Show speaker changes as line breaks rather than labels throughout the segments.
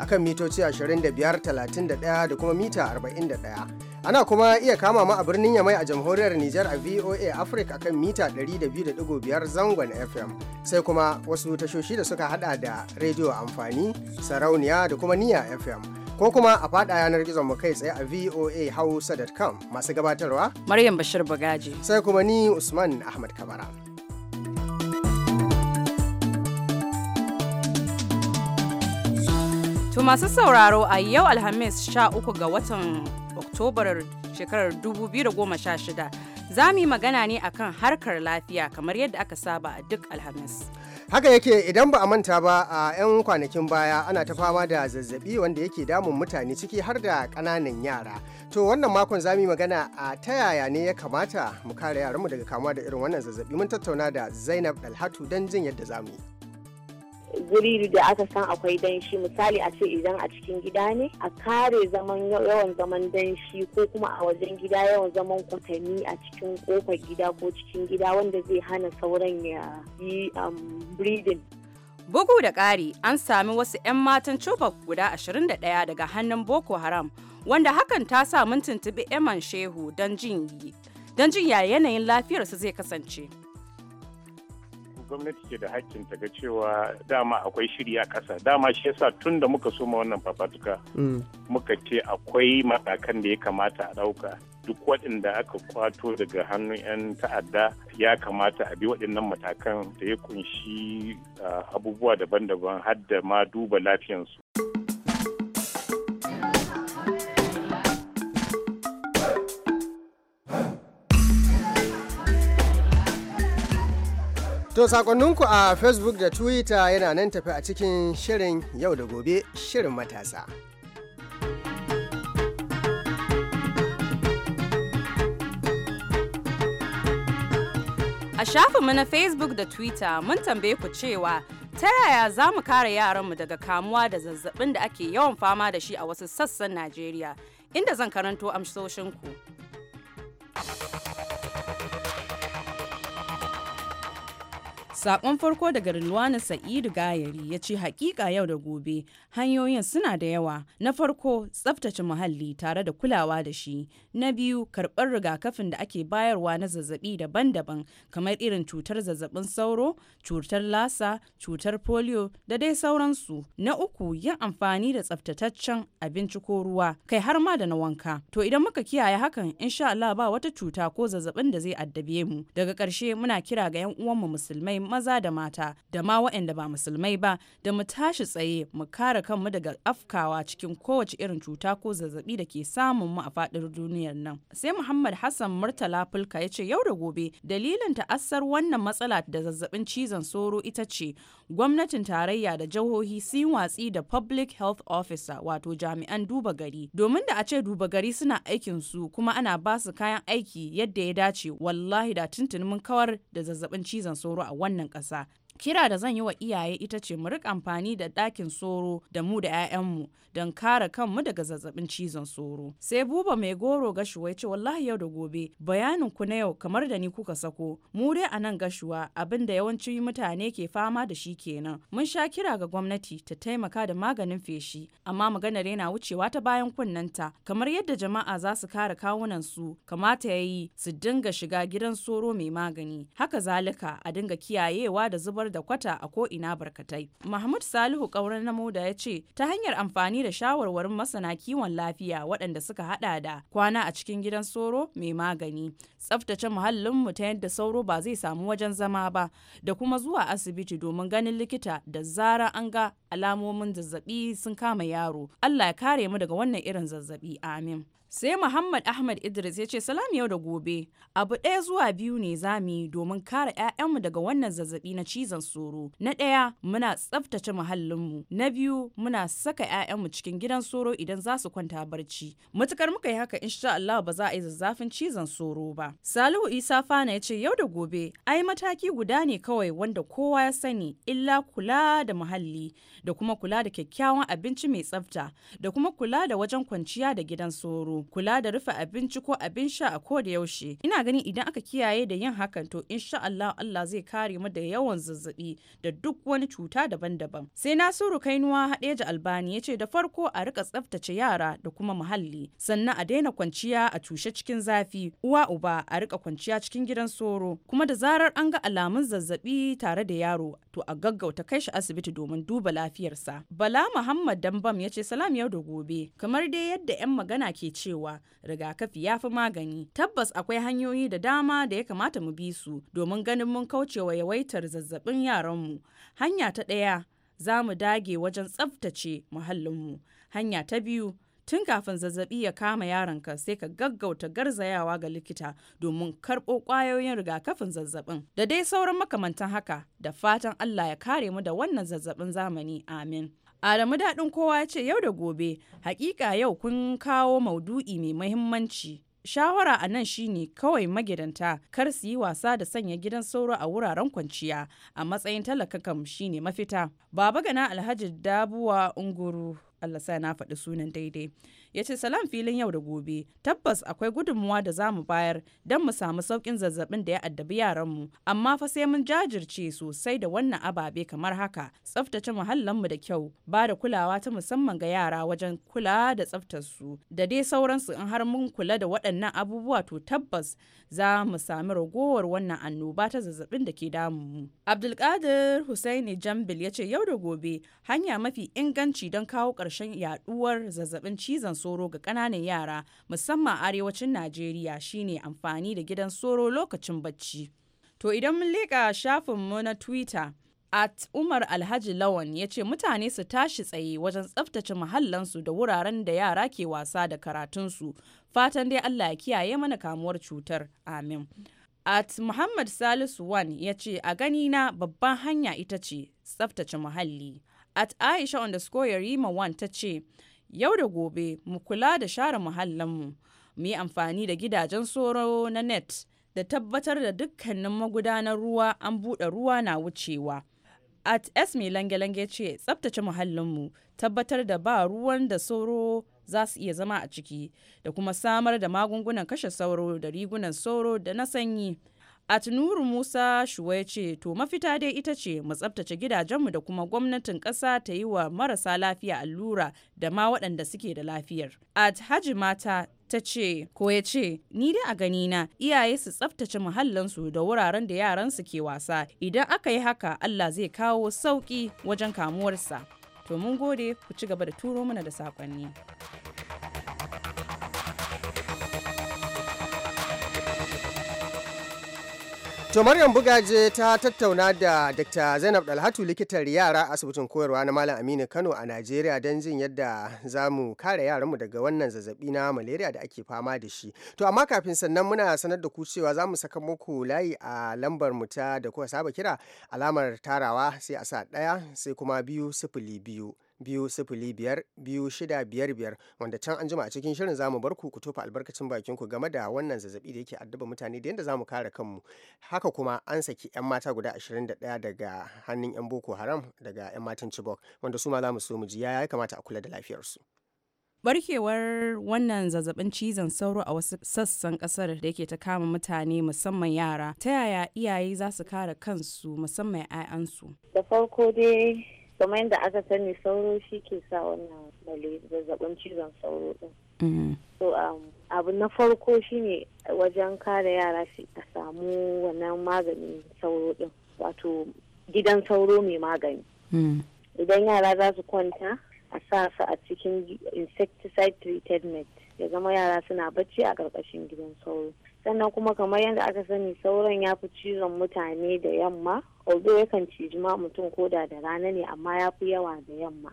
akan mitoci 25, 31 da kuma mita 41. Ana kuma iya kama ma a birnin Yamai a jamhuriyar Nijar a VOA Africa akan mita 200.5 zangon FM. Sai kuma wasu tashoshi da suka hada da rediyo amfani, sarauniya da kuma niya FM. Ko kuma a faɗa yanar gizon mu kai tsaye a voahausa.com masu gabatarwa. Maryam Bashir Bagaji. Sai kuma ni Usman Ahmad Kabara.
To masu sauraro a yau Alhamis 13 ga watan Oktobar shekarar 2016 za mu yi magana ne akan harkar lafiya kamar yadda aka saba a duk Alhamis.
Haka yake idan ba a manta ba a 'yan kwanakin baya ana ta fama da zazzabi wanda yake damun mutane ciki har da kananan yara. To wannan makon za mu yi magana a ta yaya ne ya kamata mu kare yaranmu daga kamuwa da irin wannan zazzabi mun tattauna da Zainab Dalhatu don jin yadda za mu yi.
guri da aka san akwai danshi misali a ce idan a cikin gida ne a kare zaman yawan zaman danshi ko kuma a wajen gida yawan zaman kwatanni a cikin kofar gida ko cikin gida wanda zai hana sauran ya
yi um, breeding bugu da ƙari an sami wasu 'yan matan cofa guda 21 daga hannun boko haram wanda hakan ta sa mun tuntuɓi eman shehu don jin yanayin lafiyarsu zai kasance.
gwamnati ke da hakkin ta ga cewa dama akwai shiri a ƙasa dama shi yasa tun da muka soma wannan fafatuka mm. muka ce akwai matakan da ya kamata a ɗauka duk waɗanda aka kwato daga hannun 'yan ta'adda ya kamata a bi waɗannan matakan da ya kunshi ah, abubuwa daban-daban har da ma duba lafiyansu
To sakonninku a Facebook da Twitter yana nan tafi a cikin shirin yau da gobe shirin matasa.
A shafinmu na Facebook da Twitter mun tambaye ku cewa ta yaya za mu kare yaranmu daga kamuwa da zazzabin da ake yawan fama da shi a wasu sassan Najeriya, inda zan karanto amsoshinku. Sakon farko daga Rilwana Sa'idu Gayari ya ce hakika yau da gobe hanyoyin suna da yawa. Na farko tsaftace muhalli tare da kulawa da shi. Na biyu karɓar rigakafin da ake bayarwa na zazzabi daban-daban kamar irin cutar zazzabin sauro, cutar lasa, cutar polio da dai sauransu. Na uku yin amfani da tsaftataccen abinci ko ruwa kai har ma da na wanka. To idan muka kiyaye hakan insha Allah ba wata cuta ko zazzabin da zai addabe mu. Daga ƙarshe muna kira ga 'yan uwanmu musulmai maza da mata da ma waɗanda ba musulmai ba da mu tashi tsaye mu kare kanmu daga afkawa cikin kowace irin cuta ko zazzabi da ke samun mu a faɗin duniyar nan. Sai Muhammad Hassan Murtala Fulka ya ce yau da gobe dalilin ta'assar wannan matsala da zazzabin cizon sauro ita ce gwamnatin tarayya da jihohi sun watsi da public health officer wato jami'an duba gari domin da a ce duba gari suna aikin su kuma ana ba su kayan aiki yadda ya dace wallahi da tuntunin mun kawar da zazzabin cizon sauro a wannan wannan ƙasa Kira da zan yi wa iyaye ita ce mu rika amfani da ɗakin soro da mu da 'ya'yanmu don kare kanmu daga zazzabin cizon soro. Sai buba mai goro gashuwa ya ce wallahi yau da gobe bayanin ku na yau kamar da ni kuka sako. Mu dai a nan gashuwa abin da yawanci mutane ke fama da shi kenan. Mun sha kira ga gwamnati ta taimaka da maganin feshi amma maganar yana wucewa ta bayan kunnanta kamar yadda jama'a za su kare kawunan su kamata ya yi su dinga shiga gidan soro mai magani. Haka zalika a dinga kiyayewa da zubar zubar da kwata a ko'ina barkatai. Mahmud Salihu Kauran Moda ya ce ta hanyar amfani da shawarwarin masana kiwon lafiya waɗanda suka haɗa da kwana a cikin gidan soro mai magani tsaftace muhallinmu ta yadda sauro ba zai samu wajen zama ba da kuma zuwa asibiti domin ganin likita da zara an ga alamomin zazzabi sun kama yaro allah ya kare mu daga wannan irin zazzabi amin sai muhammad ahmad idris ya ce salam yau da gobe abu ɗaya zuwa biyu ne za mu yi domin kare ƴaƴanmu daga wannan zazzabi na cizon soro na ɗaya muna tsaftace muhallinmu na biyu muna saka ƴaƴanmu cikin gidan soro idan za su kwanta barci matukar muka yi haka insha allah ba za a yi zazzafin cizon soro ba Salihu Isa Fana ya ce yau da gobe ai mataki guda ne kawai wanda kowa ya sani illa kula da muhalli da kuma kula da kyakkyawan abinci mai tsafta da kuma kula da wajen kwanciya da gidan soro kula da rufe abinci ko abin sha a ko da yaushe ina ganin idan aka kiyaye da yin hakan to insha Allah Allah zai kare mu da yawan zazzabi da duk wani cuta daban-daban. Sai Nasiru Kainuwa Hadeja Albani ya ce da farko a rika tsaftace yara da kuma muhalli sannan a daina kwanciya a tushe cikin zafi uwa uba a rika kwanciya cikin gidan soro kuma da zarar an ga alamun zazzabi tare da yaro to a gaggauta kai shi asibiti domin duba lafiyarsa. Bala Muhammad Dambam ya ce salam yau da gobe kamar dai yadda 'yan magana ke cewa rigakafi ya fi magani tabbas akwai hanyoyi da dama da ya kamata mu bi su domin ganin mun kauce wa yawaitar zazzabin yaran mu. Hanya ta ɗaya za mu dage wajen tsaftace muhallinmu. Hanya ta biyu tun kafin zazzabi ya kama yaronka sai ka gaggauta garzayawa ga likita domin karɓo ƙwayoyin rigakafin zazzabin da dai sauran makamantan haka da fatan Allah ya kare mu da wannan zazzabin zamani amin Adamu daɗin kowa ya ce yau da gobe hakika yau kun kawo maudu'i mai mahimmanci shawara a nan shine kawai magidanta kar su yi wasa da sanya gidan sauro a wuraren kwanciya a matsayin talakakam shine mafita baba gana alhaji dabuwa unguru Allah sa na faɗi sunan daidai ya ce salam filin yau da gobe tabbas akwai gudunmuwa da za mu bayar don mu samu saukin zazzabin da ya addabi yaranmu amma fa sai mun jajirce sosai da wannan ababe kamar haka tsaftace muhallanmu da kyau ba da kulawa ta musamman ga yara wajen kula da tsaftar su, da dai sauransu in har mun kula da waɗannan abubuwa to tabbas za mu sami ragowar wannan annoba ta zazzabin da ke damu mu. abdulkadir husaini jambil ya ce yau da gobe hanya mafi inganci don kawo ƙarshen Yaɗuwar zazzabin cizon soro ga ƙananan yara musamman arewacin Najeriya shine amfani da gidan soro lokacin bacci. To idan mun leƙa shafinmu na Twitter at Umar Alhaji Lawan ya ce mutane su tashi tsaye wajen tsaftace mahallansu da wuraren da yara ke wasa da karatunsu fatan dai Allah ya kiyaye mana kamuwar cutar amin. At Muhammad Salisu Wan ya ce a gani na babban hanya ita ce tsaftace muhalli. At Aisha underscore Yarima Wan ta ce yau da gobe mu kula da share muhallinmu mu yi amfani da gidajen soro na net da tabbatar da dukkanin magudanar ruwa an buɗe ruwa na wucewa at s mai lange-lange ce tsabtace muhallinmu tabbatar da ba ruwan da sauro za su iya zama a ciki da kuma samar da magungunan kashe sauro da rigunan sauro da na sanyi Atnuru Musa Shuwa ce to mafita dai ita ce mu tsabtace gidajenmu da kuma gwamnatin ƙasa ta yi wa marasa lafiya allura da ma waɗanda suke da lafiyar. At Haji Mata ta ce ko ya ce ni dai a ganina iyaye su tsabtace muhallansu da wuraren da yaran su ke wasa idan aka yi haka Allah zai kawo sauƙi wajen kamuwarsa. To mun gode ku ci gaba da turo mana da saƙonni.
To Maryam Bugaje ta tattauna da Dr. Zainab Dalhatu likitar yara asibitin koyarwa na Malam Aminu Kano a Najeriya don jin yadda za mu kare yaranmu daga wannan zazzabi na malaria da ake fama da shi. To amma kafin sannan muna sanar da ku cewa za mu saka muku layi a lambar mu ta da kuka saba kira alamar tarawa sai a sa ɗaya sai kuma biyu sifili biyu biyu sifili wanda can an jima a cikin shirin zamu bar ku tofa albarkacin bakin ku game da wannan zazzabi da yake addaba mutane da yadda zamu kare kanmu haka kuma an saki yan mata guda 21 daga hannun yan boko haram daga yan matan chibok wanda su ma zamu so mu ji ya kamata a kula da lafiyarsu.
barkewar wannan zazzabin cizon sauro a wasu sassan kasar da yake ta kama mutane musamman yara ta yaya iyaye za su kare kansu musamman 'ya'yansu
da farko dai kamar yadda aka sani sauro shi ke sa wannan zazzabin cizon sauro din mm-hmm. so um, abu na farko shine wajen kare yara a samu wannan maganin sauro din wato gidan sauro mai magani mm-hmm. idan yara za su kwanta a sa su a cikin insecticide treated net ya zama yara suna bacci a ƙarƙashin gidan sauro sannan kuma kamar yadda aka sani sauron ya fi cizon mutane da yamma ozo yakan ciji ma mutum ko da da rana ne amma ya fi yawa da yamma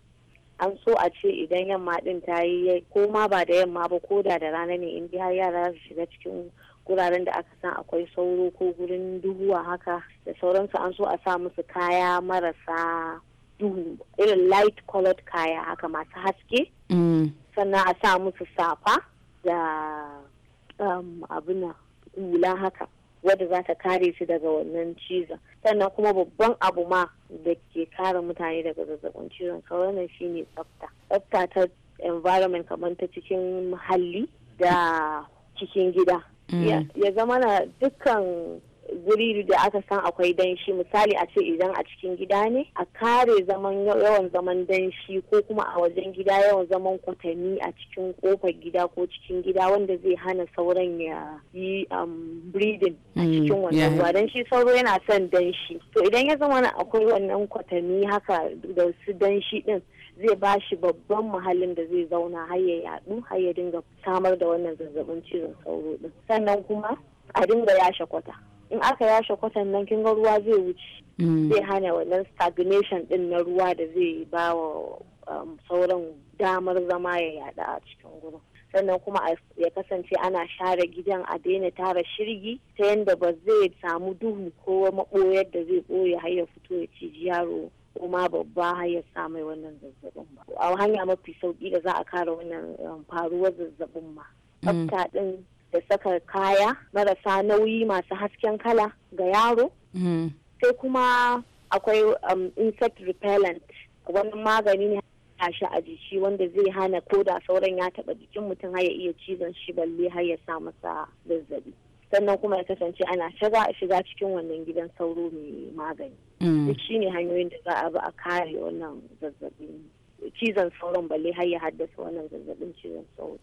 an so a ce idan yamma din ta yi ko ma ba da yamma ba ko da da rana ne in har yara su shiga cikin guraren da aka san akwai sauro ko gurin duhuwa haka da sauransu an so a sa musu kaya marasa duhu irin light colored kaya haka masu haske mm. sannan a sa musu safa da um, abin hula haka wadda za ta kare su daga wannan cizon sannan kuma babban abu ma da ke kare mutane daga zazzabin cizon shi ne tsafta tsafta ta environment kamar ta cikin muhalli da cikin gida mm. ya zama na dukkan guri da aka san akwai danshi misali a ce idan a cikin gida ne a kare zaman yawan zaman danshi ko kuma a wajen gida yawan zaman kwatanni a cikin kofar gida ko cikin gida wanda zai hana sauran ya yi um, breeding a hmm, cikin wannan ruwa dan sauro yana son danshi to idan ya zama akwai wannan kwatanni haka da su danshi din zai ba shi babban muhallin da zai zauna har ya yadu har ya dinga samar da wannan zazzabin cizon sauro din sannan kuma a dinga yashe kwata in aka yashe kwatan nan kin ga ruwa zai wuce mm. zai hana wannan stagnation din na ruwa da zai ba wa um, sauran damar zama ya yada a cikin gurin sannan kuma ya kasance ana share gidan a daina tara shirgi ta yadda ba zai samu duhu ko maɓoyar da zai ɓoye har ya fito ya ciji yaro kuma babba har ya sa wannan zazzabin ba a hanya mafi sauki da za a kare wannan um, faruwar zazzabin ma mm. tsafta din da saka kaya marasa nauyi masu hasken kala ga yaro mm-hmm. sai kuma akwai um, insect repellent wani magani ne shi a jiki wanda zai hana ko da sauran ya taba jikin mutum har ya iya cizon shi balle har ya sa masa zazzabi sannan kuma ya kasance ana shiga shiga cikin wannan gidan sauro mai magani mm. shi ne hanyoyin da za a bi a kare wannan zazzabin cizon sauron balle har ya
haddasa wannan zazzabin cizon sauro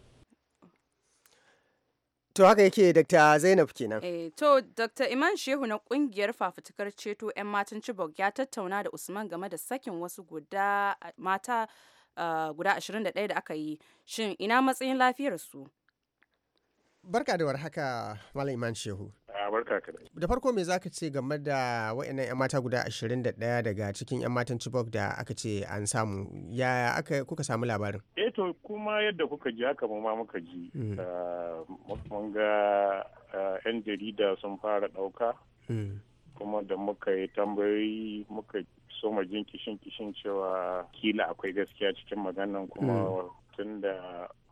To haka yake Dr. Zainab kenan.
Eh, to Dr. Iman Shehu na kungiyar fafutukar ceto 'yan matan Chibok ya tattauna da Usman game da sakin wasu guda mata uh, guda 21 da aka yi. Shin ina matsayin lafiyar su.
Barka da warhaka Malam Iman Shehu. da farko me zaka ce game da wa'annan yan mata guda 21 daga cikin yan matan Chibok da aka ce an samu ya aka kuka samu labarin
eto eh kuma yadda kuka ji haka ma muka ji hmm. ah, mun ga yan ah, jarida sun fara dauka hmm. kuma da muka yi tambayoyi muka soma jin kishin kishin cewa kila akwai gaskiya cikin maganan kuma hmm. tun da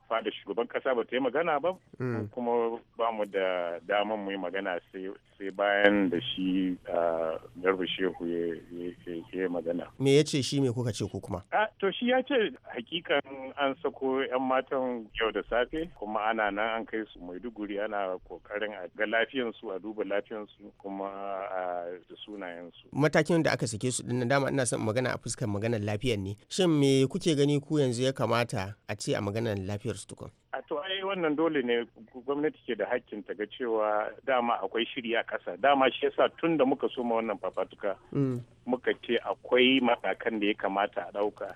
fada shugaban kasa ba ta yi magana ba hmm. kuma ba mu da daman mu yi magana sai bayan da shi ah, garba shehu ya yi magana me ya ce shi me
kuka ce ko kuma
ah, to shi ya ce hakikan an sako yan matan yau da safe kuma ana nan an kai su maiduguri ana kokarin a ga lafiyansu a duba lafiyansu kuma ah, a sunayensu
matakin da aka sake su din dama ina son magana a fuskar maganar lafiyar ne shin me kuke gani ku yanzu ya kamata a ce a maganar lafiyar buƙatar
A to wannan dole ne gwamnati ke da hakkin ta ga cewa dama akwai shiri a ƙasa dama shi yasa tun da muka soma wannan fafatuka mm. muka ce akwai matakan da ya kamata a ɗauka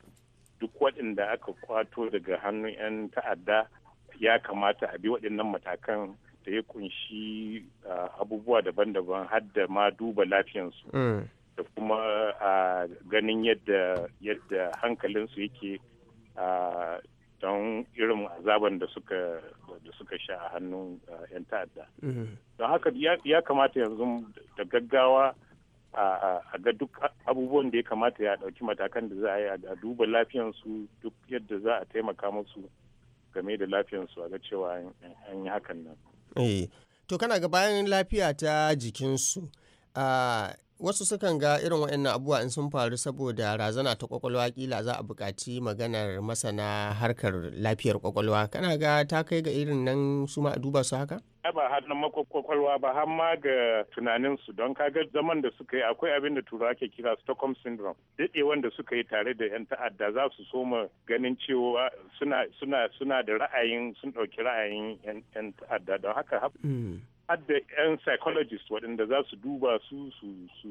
duk waɗanda aka kwato daga hannun 'yan ta'adda ya kamata a bi waɗannan matakan da ya kunshi abubuwa daban-daban har da ma duba lafiyansu. Mm. da kuma a ganin yadda yadda hankalinsu yake don irin azaban da suka da suka sha a hannun 'yan ta'adda mm-hmm. don haka ya kamata yanzu da gaggawa a ga duk abubuwan da ya kamata ya ɗauki matakan da za a yi a duba lafiyansu duk yadda za a taimaka musu game da lafiyansu a ga cewa an yi hakan nan.
Eh, to kana ga bayan lafiya ta jikinsu wasu sukan ga irin waɗannan abubuwa in sun faru saboda razana ta kwakwalwa kila za a buƙaci maganar masana harkar lafiyar kwakwalwa kana ga ta kai ga irin nan su ma a duba su haka
ba har na makwakwalwa ba har ma ga tunaninsu don kaga zaman da suka yi akwai abin da turawa ke kira Stockholm syndrome daɗewan wanda suka yi tare da 'yan ta'adda za su soma ganin cewa suna suna suna da ra'ayin sun ɗauki ra'ayin 'yan ta'adda don haka hadda 'yan psychologist waɗanda za su duba su su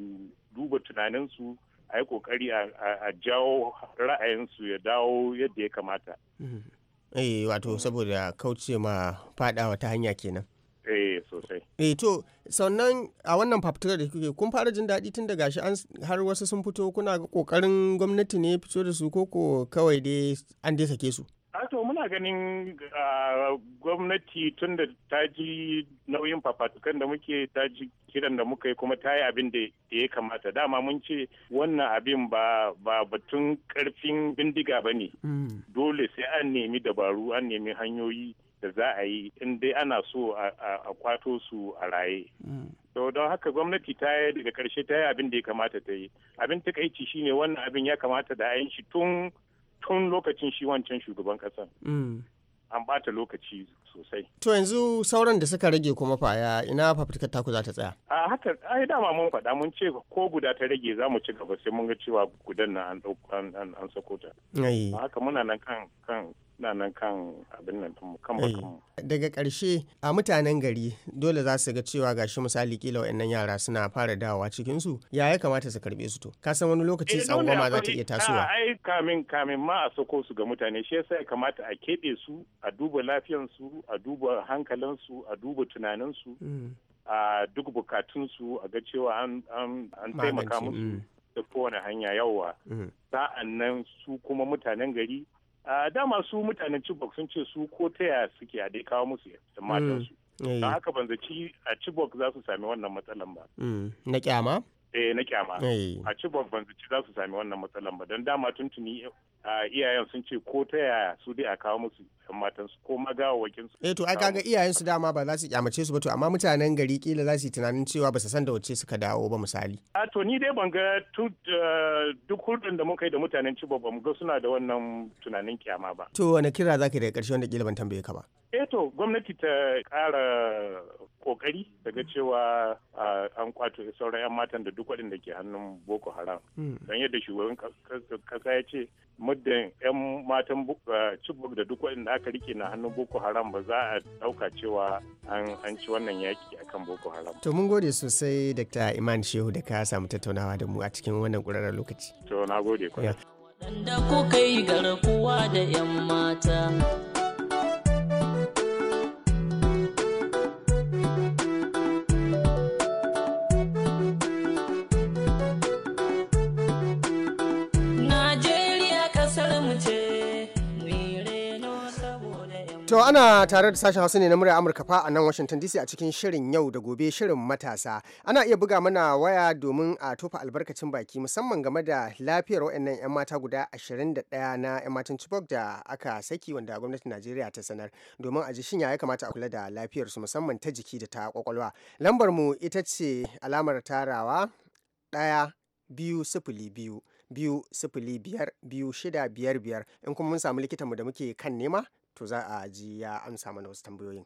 duba tunaninsu a yi ƙoƙari a jawo ra'ayinsu ya dawo yadda ya kamata. Mm-hmm.
Eh wato saboda kauce ma fadawa ta hanya kenan.
Eh sosai.
Eh to sannan a wannan fafutukar da kuke kun fara jin daɗi tun da gashi har wasu sun fito kuna ga ƙoƙarin gwamnati ne fito da su koko kawai dai an dai sake su.
ina ganin gwamnati tun da ta ji nauyin fafatukan da muke ta ji kiran da muka yi kuma ta yi abin da ya kamata dama mun ce wannan abin ba batun karfin bindiga ba ne mm. dole sai an nemi dabaru an nemi hanyoyi da za a yi in dai ana so a kwato su a raye mm. to don haka gwamnati ta yi daga karshe ta yi abin da ya kamata ta yi abin takaici ne wannan abin ya kamata da a shi tun tun lokacin shi wancan shugaban kasar. Mm. An bata lokaci sosai.
To yanzu sauran da suka rage kuma fa ya ina fafutukar taku za ta tsaya?
A haka ai dama mun faɗa mun ce ko guda ta rage za mu ci gaba sai mun ga cewa gudan na an sako ta. Haka muna nan kan na nan kan abin nan kan eh, mu.
Daga ƙarshe a mutanen gari dole za su ga cewa gashi misali kila wa'annan yara suna fara dawowa cikin su ya ya kamata su karbe su to ka san wani lokaci eh, ma za ta iya tasowa.
Ai kamin kamin ma a sako su ga mutane shi yasa ya kamata a keɓe su a duba lafiyan su a duba hankalinsu a duba tunaninsu hmm. a duk bukatunsu a ga cewa an taimaka musu da hmm. kowane hanya yawa hmm. sa'an nan su kuma mutanen gari dama su mutanen Chibok sun ce su ko ta yaya suke a dai kawo musu da mm. matansu. Eh. Da haka ban zaci a Chibok za su sami wannan matsalan ba.
Mm. Na kyama?
Eh na kyama. Eh. A Chibok ban zaci za su sami wannan matsalan ba don dama tuntuni iyayen sun ce ko ta yaya su dai a kawo musu yan su ko ma su. Eh to ai kaga
iyayen su dama ba za su kyamace su ba to amma mutanen gari kila za su yi tunanin cewa ba su san da wace suka dawo ba misali.
A to ni dai ban ga eh, duk hurdun da muka yi da mutanen ci ba mu ga suna da wannan tunanin kyama ba.
To wani kira zaka daga karshe wanda kila ban tambaye ka ba.
Eh to gwamnati ta ƙara kokari daga cewa an kwato sauran yan matan da duk waɗanda ke hannun Boko Haram. Hmm. Don yadda shugaban kasa ya ce muddin 'yan matan eh, cibok da duk waɗanda aka rike na hannun boko haram ba za a ɗauka cewa an ci wannan yaki kan boko haram
to mun gode sosai dr iman shehu da ka samu tattaunawa da mu a cikin
wannan ƙurarren lokaci to na gode kwarai
da kuka yi garkuwa da 'yan mata
To ana tare da sashen Hausa ne na murya Amurka fa a nan Washington DC a cikin shirin yau da gobe shirin matasa. Ana iya buga mana waya domin a tofa albarkacin baki musamman game da lafiyar waɗannan 'yan mata guda 21 na 'yan matan Chibok da aka saki wanda gwamnatin Najeriya ta sanar domin a ji shinya ya kamata a kula da lafiyar su musamman ta jiki da ta kwakwalwa. Lambar mu ita ce alamar tarawa ɗaya biyu sifili biyu biyu sifili biyar biyu shida biyar biyar in kuma mun samu likitanmu da muke kan nema to za a ji ya amsa mana wasu tambayoyin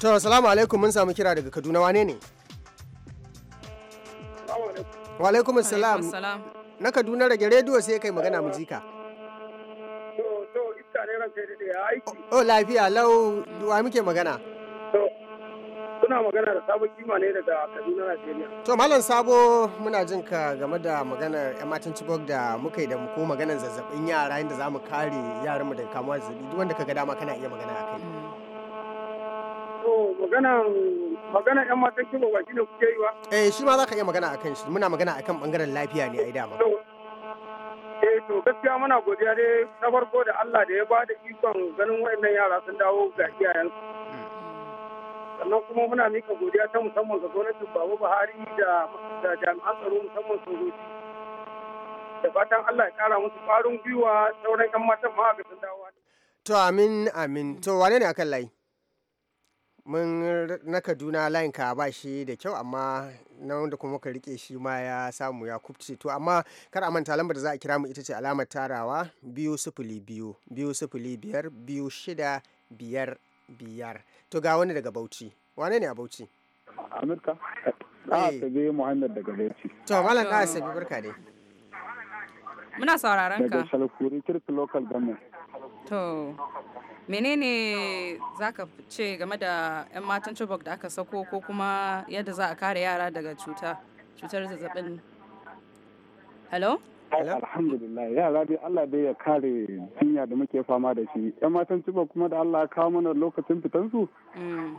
to salamu alaikum mun samu kira daga kaduna wane ne wa alaikum salam na kaduna rage rediyo sai kai magana mu jika o lafiya lau wa muke magana
kuna magana da sabon kima ne daga kaduna najeriya to
malam sabo muna jin ka game da maganar yan matan cibok da muka yi da ko maganar zazzabin yara inda za mu kare yaran mu daga kamuwa zazzabi duk wanda ka ga dama kana iya magana a kai maganan yan matan kiwo ba ne kuke yi ba eh shi ma za ka iya magana akan shi muna magana akan bangaren lafiya ne ai dama
eh to gaskiya muna godiya dai na farko da Allah da ya ba da ikon ganin wayannan yara sun dawo ga iyayensu sannan kuma muna mika godiya ta musamman ga gwamnatin Babu Buhari da da jami'an tsaro musamman hoti da fatan Allah ya kara musu ƙwarin gwiwa sauran 'yan matan ma ga sun dawo.
To amin amin to wane ne akan layi? mun na kaduna line ka ba shi da kyau amma na wanda kuma ka rike shi ma ya samu ya kubce to amma kar a manta lambar da za a kira mu ita ce alamar tarawa biyu sifili biyu biyu sifili biyar biyu shida biyar biyar to ga wani daga bauchi wane ne a bauchi amurka
ɗasabe eh. muhammad daga bauchi to malam ɗasabe
barka ne
muna sauraron ka daga
shalkuri kirk local government
To, menene za ka ce game da 'yan matan Chibok da aka sako ko kuma yadda za a kare yara daga cuta, cutar zazzabin? Hello?
Alhamdulillah, yara dai Allah dai ya kare jinya da muke fama da shi. 'Yan matan Chibok kuma da Allah kawo mana lokacin fitansu? Mm.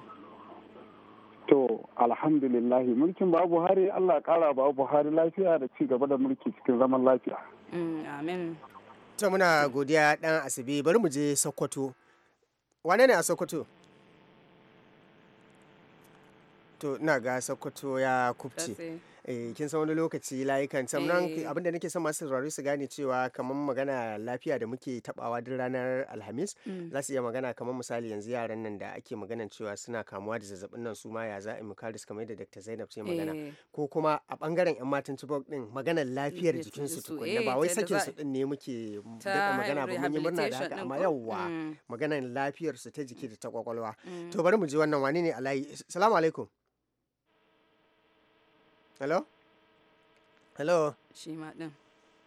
To, alhamdulillah, mulkin ba Buhari Allah kara ba Buhari lafiya da ci gaba da mulki cikin zaman lafiya.
Mm, amin. to muna godiya dan asibi bari mu je sokoto wane ne a sokoto to na ga sokoto ya kubce Eh, kin san wani lokaci layukan sannan eh. abinda nake son masu saurari su gane cewa kamar magana lafiya da muke tabawa duk ranar alhamis mm. za su iya magana kamar misali yanzu yaran nan da ake maganan cewa suna kamuwa da zazzabin nan su ma ya za a mu kare su kamar yadda Dr. Zainab ce magana eh. ko kuma a bangaren yan matan tubok din maganar lafiyar jikin su tukunna ba wai sakin su din ne muke magana ba mun yi murna da haka amma yawwa mm. maganar lafiyar su ta jiki da ta kwakwalwa mm. to bari mu ji wannan wani ne alai assalamu alaikum hello hello shi ma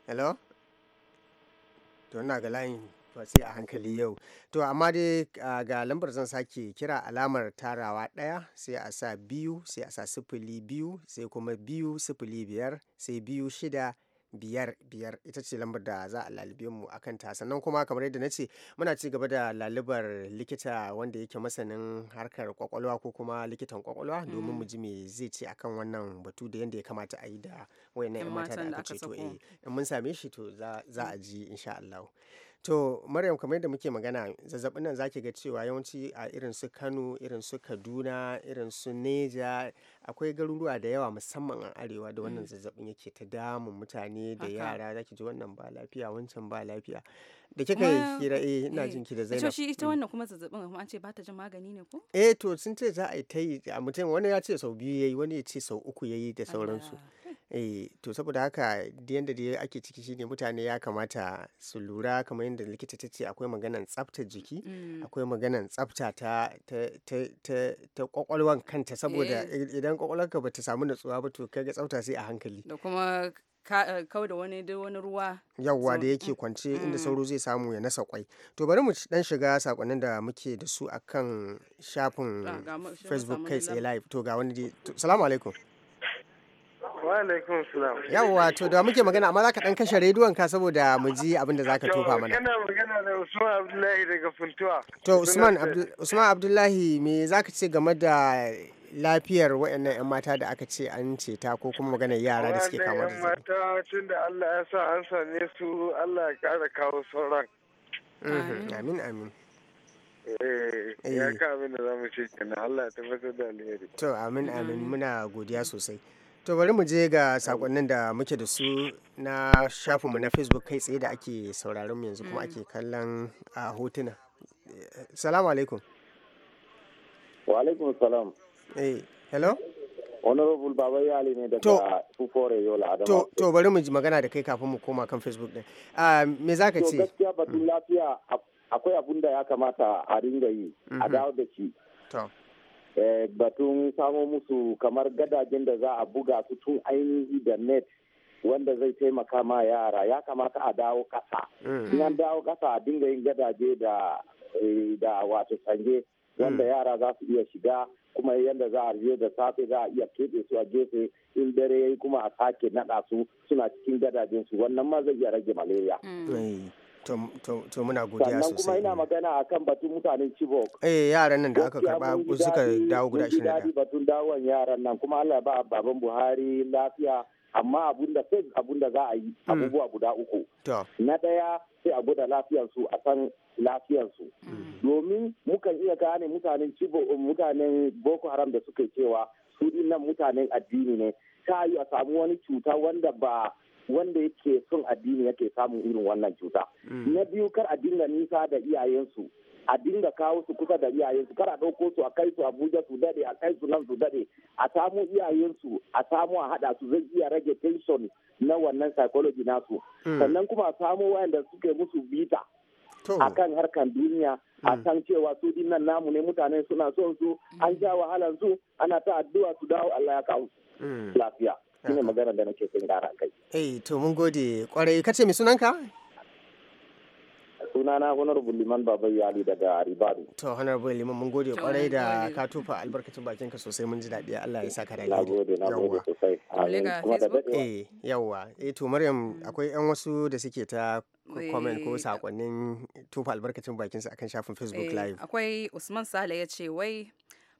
hello to ina ga layin to a hankali yau to amma dai ga lambar zan sake kira alamar tarawa ɗaya sai a sa biyu sai a sa sifili biyu sai kuma biyu sifili biyar sai biyu shida biyar biyar ita ce lambar da za a lalube mu a kanta sannan kuma kamar yadda na ce muna ci gaba da lalubar likita wanda yake masanin harkar kwakwalwa ko kuma likitan kwakwalwa domin mu mm. ji me zai ce akan wannan batu da yadda ya kamata a yi da wayannan 'yan mata da aka ce eh in mun same shi to za a mm. ji insha Allah To Maryam kamar yadda muke magana zazzabin nan zaki ga cewa yawanci a irin su Kano, irin su Kaduna, irin su Neja akwai garuruwa da yawa musamman a arewa da wannan mm. zazzabin yake ta damun mutane da yara zaki ji wannan ba lafiya wancan ba lafiya. Da kika yi kira eh ina eh, jin ki da Zainab. shi ita mm.
wannan kuma zazzabin kuma an ce ba ta jin magani ne ko?
Eh to sun ce za a yi ta yi a mutum wani ya ce sau biyu yayi wani ya ce sau uku yayi da sauransu. Eh, to saboda haka duk da dai ake ciki shine mutane ya kamata su lura kamar yadda likita ta ce akwai maganan tsaftar jiki, mm. akwai maganan tsafta ta ta ta ta kwakwalwan kanta saboda eh. idan ba bata samu natsuwa ba to kai ga tsafta sai a hankali. Da
kuma kau da wani da wani ruwa
yawwa da yake mm, kwance inda mm. sauro zai samu ya nasa kwai to bari mu dan shiga sakonnin da muke da su akan shafin facebook kai tsaye live to ga wani salamu alaikum
Yawwa to da muke
magana amma zaka dan kashe rediyon ka saboda mu ji abin da zaka tofa mana. Kana
magana da Usman Abdullahi daga Funtuwa. To Usman
Usman Abdullahi me zaka ce game da lafiyar waɗannan 'yan mata da aka ce an ceta ko kuma maganar yara da suke kama da
mata tun da Allah ya sa an same su Allah ya ƙara kawo sauran.
Mhm, amin amin.
Eh, ya eh. ka abin da za mu ce kenan Allah ya tabbatar da alheri.
To amin amin muna godiya sosai. to bari mu je ga sakonnin da muke da su na shafinmu na facebook kai tsaye da ake sauraron mu yanzu kuma mm. ake kallon a hotuna salamu alaikum wa alaikum salam eh hello
honorable baba yali ne daga fufore la adama to
to bari mu ji magana da kai kafin mu koma kan facebook din me zaka ce to
gaskiya batun mm. lafiya akwai abun da ya kamata a ringa yi a mm-hmm. dawo da shi to Eh, batun samo musu kamar gadajen da za a buga su tun ainihi da net wanda zai taimaka ma yara ya kamata a dawo kasa mm. in dawo kasa a dinga yin gadaje da eh, wato sange mm. wanda yara za su iya shiga kuma yadda za a je da safe za a iya keɓe su a gefe in dare kuma a sake naɗa su suna cikin gadajen su wannan ma zai iya rage malaria
mm. to muna godiya sosai kuma ina
magana a kan batun mutanen Chibok eh yaran nan da aka karba suka dawo guda shi daga. batun dawon yaran nan kuma Allah ba baban Buhari lafiya amma abun da sai abun da za a yi hmm. abubuwa guda uku na daya sai a gwada su a san su. Hmm. domin mukan iya gane mutanen Chibok mutanen Boko Haram da suke cewa su nan mutanen addini ne ta yi a samu wani cuta wanda ba wanda yake son addini yake samun irin wannan cuta mm. na biyu kar a dinga nisa da iyayensu a dinga kawo su kusa da iyayensu kar a ɗauko su a kai su abuja su dade a kai su nan su dade a samu iyayensu a samu a haɗa su zai iya rage tension na wannan psychology nasu mm. sannan kuma a samu wayanda suke musu bita a kan harkan duniya a mm. san cewa su dinnan namu ne mutane suna son su an sha wahalan su ana ta addu'a su dawo Allah ya kawo lafiya shine magana da nake son gara kai
eh to mun gode kwarai kace mai sunanka
sunana honorable liman babai yali daga ribadu
to honorable liman mun gode kwarai da ka tufa albarkacin bakin ka sosai mun ji daɗi Allah ya saka da
gode na gode sosai da
eh yawa eh to maryam akwai yan wasu da suke ta comment ko sakonnin tufa albarkacin bakin su akan shafin facebook eh, live
akwai usman sale ya ce wai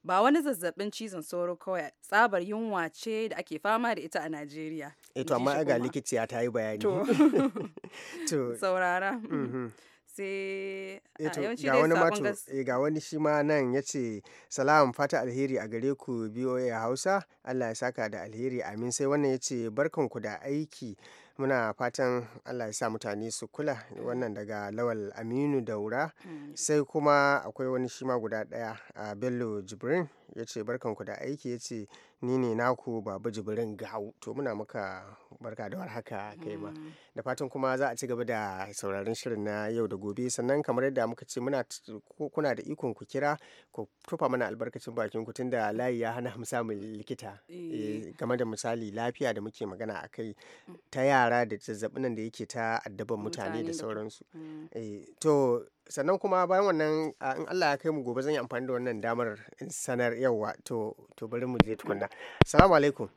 ba wani zazzabin cizon sauro kawai tsabar yunwa ce da ake fama da ita a Najeriya. Eto eh, amma ga
likiciya ta yi bayani.
To,
saurara. Mm. Mm-hmm.
sai eh ga wani mato
eh ga wani shi ma nan ya ce salam fata alheri a gare ku ya hausa allah ya saka da alheri amin sai wannan ya ce barkanku da aiki muna fatan allah ya sa mutane su kula wannan daga lawal aminu daura mm. sai kuma akwai wani shi ma guda daya a bello jibrin ya ce barkanku da aiki ya ce ni ne naku baba jibirin gawo to muna muka barka da warhaka kai ba mm. da fatan kuma za a ci gaba da sauraron shirin na yau da gobe sannan kamar yadda muka ce muna kuna da ikon ku kira ku tufa mana albarkacin bakin ku tunda layi ya hana mu samun likita eh. Eh, game da misali lafiya da muke magana a kai mm. ta yara da zazzabin da yake ta addaban mutane da sauransu mm. eh, to sannan kuma bayan wannan in Allah ya kai mu gobe zan yi amfani da wannan damar in sanar yawa to to bari mu je tukunna assalamu alaikum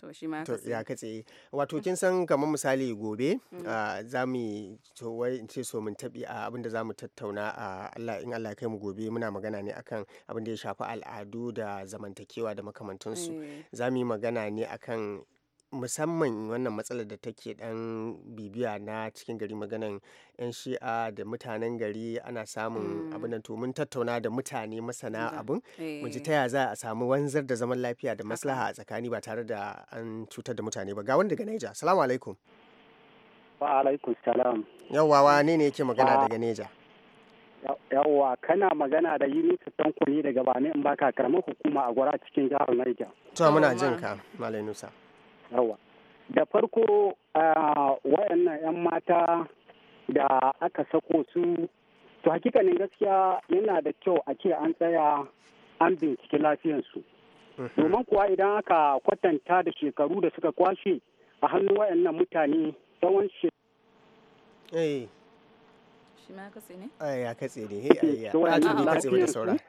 to shi ma ya katse wato kin san kamar misali gobe mm. za mu to wai in ce so mun tabi a abin da za mu tattauna a Allah in Allah ya kai mu gobe muna magana ne akan abin da ya shafi al'adu da zamantakewa da makamantansu eh. za mu yi magana ne akan musamman wannan matsalar da take dan bibiya na cikin gari maganan 'yan shi'a da mutanen gari ana samun abin mm. nan to mun tattauna da mutane masana abin mu ji eh. ya za a samu wanzar da zaman lafiya da maslaha a tsakani ba tare da an cutar da mutane ba ga wanda daga Neja salamu alaikum wa alaikum salam yawwa wane ne yake magana daga Neja
yawwa kana magana da yi nisa tanko ne daga bane in baka karamar hukuma a gwara cikin jihar Niger
to muna jin ka malai nusa
da farko a wayannan 'yan mata da aka sako su to hakikanin gaskiya yana da kyau a ce an tsaya an binciki lafiyansu mhm. domin kuwa idan aka kwatanta da shekaru da suka kwashe a hannun wayannan mutane tsawon shekaru eh.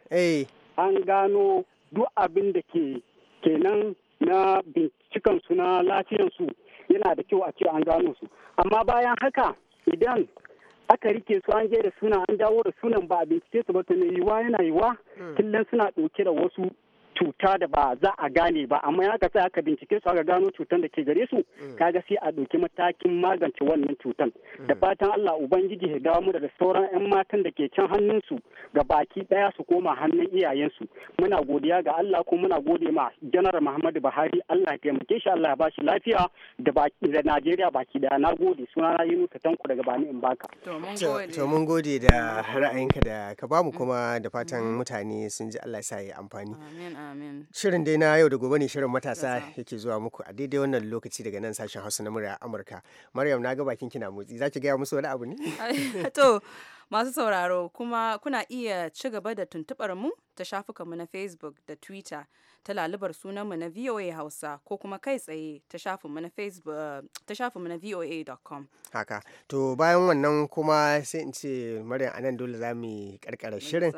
eh. An gano duk abin da ke kenan na bincikansu na su yana da kyau a ce an gano su amma bayan haka idan aka rike su an je da suna an dawo da sunan ba a bincike su ba to yiwa yana yiwa killan mm. suna ɗauke da wasu cuta da ba za a gane ba amma ya ka tsaya ka bincike su aka gano cutan da ke gare su mm. kaga sai a ɗauki matakin magance wannan cutan da mm. fatan Allah ubangiji ya dawo mu da sauran 'yan matan da ke can hannun su ga baki daya su koma hannun iyayen su muna godiya ga Allah ko muna gode ma janar Muhammadu Buhari Allah ya taimake shi Allah ya shi lafiya da baki da Najeriya baki daya na
gode sunana Yunusa Tanko daga Bani in baka to mun gode da ra'ayinka da ka ba mu kuma da fatan mm. mutane sun ji Allah ya sa ya amfani Shirin dai na yau da gobe ne shirin matasa yake zuwa muku a daidai wannan lokaci daga nan sashen Hausa na murya Amurka. Maryam na ga bakin kina motsi za ki gaya musu wani abu ne?
To masu sauraro kuma kuna iya ci gaba da tuntubar mu ta shafukanmu na Facebook da Twitter ta lalubar sunanmu na VOA Hausa ko kuma kai tsaye ta shafinmu na eh, na voa.com.
Haka. To bayan wannan kuma sai in ce Maryam anan dole za mu karkara shirin.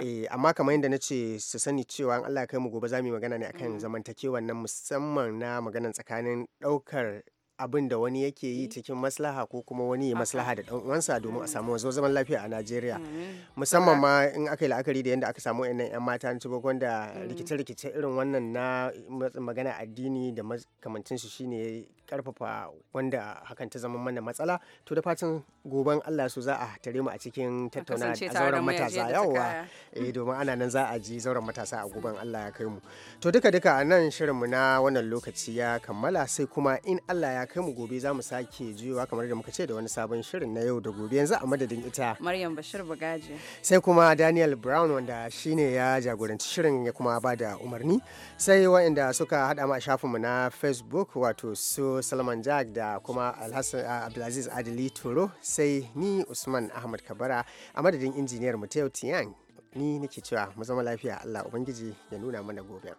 Eh, amma kamar yadda na ce su sani cewa in Allah kai mu gobe za mu yi magana ne akan mm-hmm. zamantakewa nan musamman na maganan tsakanin ɗaukar abin da wani yake yi mm. cikin maslaha ko kuma wani ya maslaha da uwansa domin a samu wanzo zaman lafiya a najeriya mm. musamman ma in aka yi la'akari da yadda aka samu yan yan mata na mm. rikice-rikice irin wannan na magana addini da makamancin su shine karfafa wanda hakan ta zama mana matsala to da fatan goben allah su za a tare mu a cikin tattauna a zauren matasa yawa eh, domin ana nan za a ji zauren matasa a goben allah ya kai mu to duka-duka a nan shirinmu na wannan lokaci ya kammala sai kuma in allah ya kai mu gobe za mu sake juyowa kamar da muka ce da wani sabon shirin na yau da gobe yanzu a madadin ita
maryam bashir bugaji
sai kuma daniel brown wanda shine ya jagoranci shirin ya kuma ba da umarni sai waɗanda suka haɗa ma shafinmu na facebook wato su salman jack da kuma alhassan ah, abdulaziz adili toro sai ni usman ahmad kabara a madadin injiniyar mu ta tiang ni nake cewa mu zama lafiya allah ubangiji ya nuna mana gobe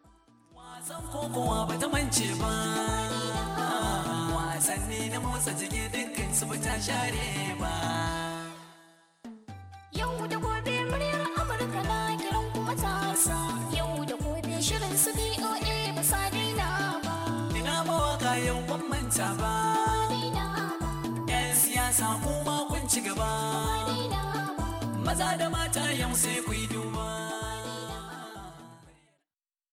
wasan kokowa ba ta mance ba wasanni na motsa jiki dukkan su ba ta share ba yau da gobe muryar amurka na kiran kuma matasa, yau da gobe shirin su boa ba sa daina ba ina mawaka yau ban manta ba yan siyasa kuma kun ci gaba maza da mata yau sai ku yi